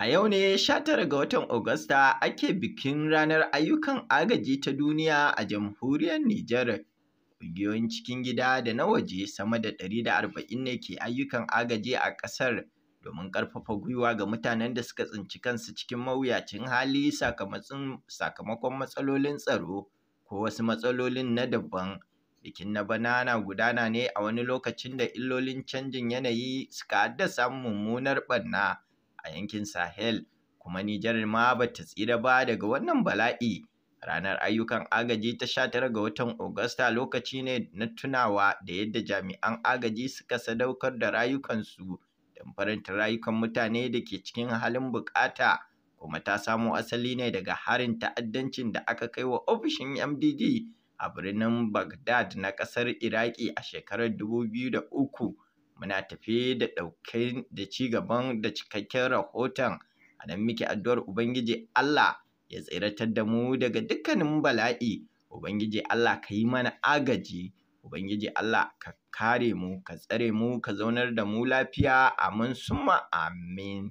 A yau ne 19 ga watan Agusta ake bikin Ranar Ayyukan Agaji ta Duniya a Jamhuriyar Nijar. Ƙungiyoyin cikin gida da na waje sama da 140 ne ke ayyukan agaji a ƙasar domin ƙarfafa gwiwa ga mutanen da suka tsinci kansu cikin mawuyacin hali sakamakon matsalolin tsaro ko wasu matsalolin na daban. Bikin na banana gudana ne a wani lokacin da illolin canjin yanayi suka haddasa mummunar ɓanna. a yankin Sahel kuma Nijar ma ba ta tsira ba daga wannan bala'i. Ranar ayyukan agaji ta 19 ga watan Agusta lokaci ne na tunawa da yadda jami'an agaji suka sadaukar da rayukansu don faranta rayukan mutane da ke cikin halin bukata kuma ta samo asali ne daga harin ta'addancin da aka kai wa ofishin MDD a birnin Baghdad na ƙasar Iraki a shekarar 2003. muna tafe da ɗauke da ci gaban da cikakken rahoton a nan muke addu'ar ubangiji Allah ya tsiratar da mu daga dukkanin bala'i ubangiji Allah ka yi mana agaji ubangiji Allah ka kare mu ka tsare mu ka zaunar da mu lafiya amin summa amin